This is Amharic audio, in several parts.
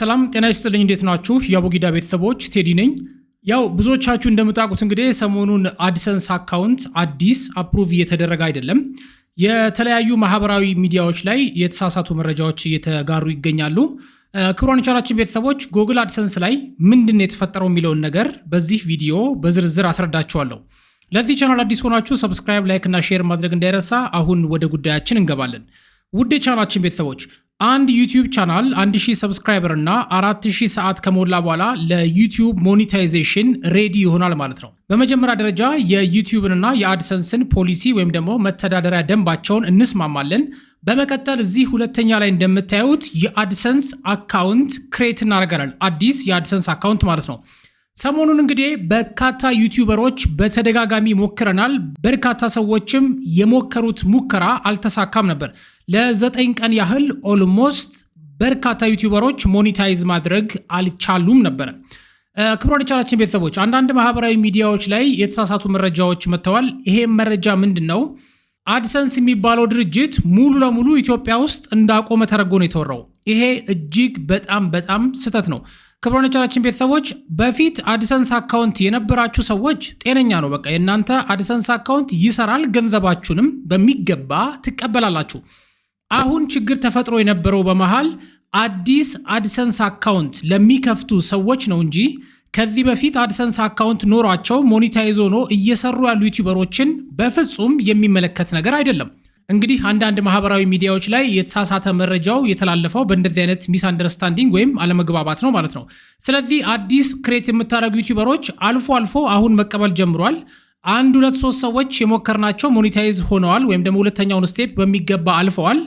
ሰላም ጤና ይስጥልኝ። እንዴት ናችሁ? የአቡጊዳ ቤተሰቦች ቴዲ ነኝ። ያው ብዙዎቻችሁ እንደምታውቁት እንግዲህ ሰሞኑን አድሰንስ አካውንት አዲስ አፕሩቭ እየተደረገ አይደለም። የተለያዩ ማህበራዊ ሚዲያዎች ላይ የተሳሳቱ መረጃዎች እየተጋሩ ይገኛሉ። ክብሯን ቻላችን ቤተሰቦች ጎግል አድሰንስ ላይ ምንድን ነው የተፈጠረው የሚለውን ነገር በዚህ ቪዲዮ በዝርዝር አስረዳችኋለሁ። ለዚህ ቻናል አዲስ ሆናችሁ ሰብስክራይብ፣ ላይክ እና ሼር ማድረግ እንዳይረሳ። አሁን ወደ ጉዳያችን እንገባለን። ውድ ቻናችን ቤተሰቦች አንድ ዩቲዩብ ቻናል 1000 ሰብስክራይበር እና 4000 ሰዓት ከሞላ በኋላ ለዩቲዩብ ሞኔታይዜሽን ሬዲ ይሆናል ማለት ነው። በመጀመሪያ ደረጃ የዩቲዩብንና የአድሰንስን ፖሊሲ ወይም ደግሞ መተዳደሪያ ደንባቸውን እንስማማለን። በመቀጠል እዚህ ሁለተኛ ላይ እንደምታዩት የአድሰንስ አካውንት ክሬት እናደርጋለን። አዲስ የአድሰንስ አካውንት ማለት ነው። ሰሞኑን እንግዲህ በርካታ ዩቲዩበሮች በተደጋጋሚ ሞክረናል፣ በርካታ ሰዎችም የሞከሩት ሙከራ አልተሳካም ነበር። ለዘጠኝ ቀን ያህል ኦልሞስት በርካታ ዩቲዩበሮች ሞኒታይዝ ማድረግ አልቻሉም ነበረ። ክብሯን የቻላችን ቤተሰቦች አንዳንድ ማህበራዊ ሚዲያዎች ላይ የተሳሳቱ መረጃዎች መጥተዋል። ይሄ መረጃ ምንድን ነው? አድሰንስ የሚባለው ድርጅት ሙሉ ለሙሉ ኢትዮጵያ ውስጥ እንዳቆመ ተረጎ ነው የተወራው። ይሄ እጅግ በጣም በጣም ስህተት ነው። ክብሮነቻችን ቤተሰቦች በፊት አድሰንስ አካውንት የነበራችሁ ሰዎች ጤነኛ ነው። በቃ የእናንተ አድሰንስ አካውንት ይሰራል፣ ገንዘባችሁንም በሚገባ ትቀበላላችሁ። አሁን ችግር ተፈጥሮ የነበረው በመሃል አዲስ አድሰንስ አካውንት ለሚከፍቱ ሰዎች ነው እንጂ ከዚህ በፊት አድሰንስ አካውንት ኖሯቸው ሞኒታይዝ ሆኖ እየሰሩ ያሉ ዩቲዩበሮችን በፍጹም የሚመለከት ነገር አይደለም። እንግዲህ አንዳንድ ማህበራዊ ሚዲያዎች ላይ የተሳሳተ መረጃው የተላለፈው በእንደዚህ አይነት ሚስ አንደርስታንዲንግ ወይም አለመግባባት ነው ማለት ነው። ስለዚህ አዲስ ክሬት የምታደረጉ ዩቲዩበሮች አልፎ አልፎ አሁን መቀበል ጀምሯል። አንድ ሁለት ሶስት ሰዎች የሞከርናቸው ሞኔታይዝ ሆነዋል ወይም ደግሞ ሁለተኛውን ስቴፕ በሚገባ አልፈዋል።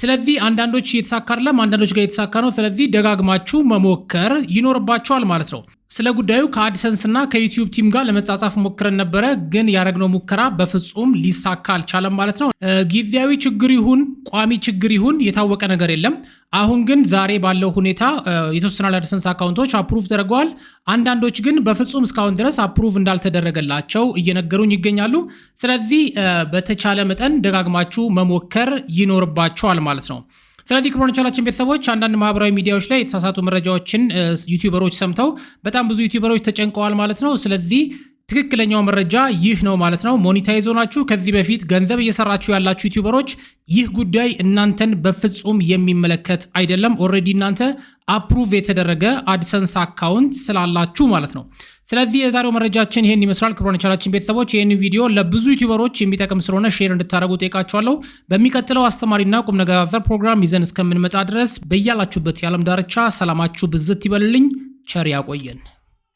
ስለዚህ አንዳንዶች እየተሳካ አይደለም፣ አንዳንዶች ጋር የተሳካ ነው። ስለዚህ ደጋግማችሁ መሞከር ይኖርባቸዋል ማለት ነው። ስለ ጉዳዩ ከአዲሰንስና ከዩቲዩብ ቲም ጋር ለመጻጻፍ ሞክረን ነበረ፣ ግን ያደረግነው ሙከራ በፍጹም ሊሳካ አልቻለም ማለት ነው። ጊዜያዊ ችግር ይሁን ቋሚ ችግር ይሁን የታወቀ ነገር የለም። አሁን ግን ዛሬ ባለው ሁኔታ የተወሰኑ አዲሰንስ አካውንቶች አፕሩቭ ተደርገዋል። አንዳንዶች ግን በፍጹም እስካሁን ድረስ አፕሩቭ እንዳልተደረገላቸው እየነገሩኝ ይገኛሉ። ስለዚህ በተቻለ መጠን ደጋግማችሁ መሞከር ይኖርባቸዋል ማለት ነው። ስለዚህ ክብሮን ቻላችን ቤተሰቦች አንዳንድ ማህበራዊ ሚዲያዎች ላይ የተሳሳቱ መረጃዎችን ዩቲዩበሮች ሰምተው በጣም ብዙ ዩቲዩበሮች ተጨንቀዋል ማለት ነው። ስለዚህ ትክክለኛው መረጃ ይህ ነው ማለት ነው። ሞኒታይዞ ናችሁ ከዚህ በፊት ገንዘብ እየሰራችሁ ያላችሁ ዩቲዩበሮች ይህ ጉዳይ እናንተን በፍጹም የሚመለከት አይደለም። ኦልሬዲ እናንተ አፕሩቭ የተደረገ አድሰንስ አካውንት ስላላችሁ ማለት ነው። ስለዚህ የዛሬው መረጃችን ይህን ይመስላል። ክብሮን የቻላችን ቤተሰቦች ይህን ቪዲዮ ለብዙ ዩቲዩበሮች የሚጠቅም ስለሆነ ሼር እንድታደረጉ ጠይቃቸዋለሁ። በሚቀጥለው አስተማሪና ቁም ነገር አዘር ፕሮግራም ይዘን እስከምንመጣ ድረስ በያላችሁበት የዓለም ዳርቻ ሰላማችሁ ብዝት ይበልልኝ። ቸር ያቆየን።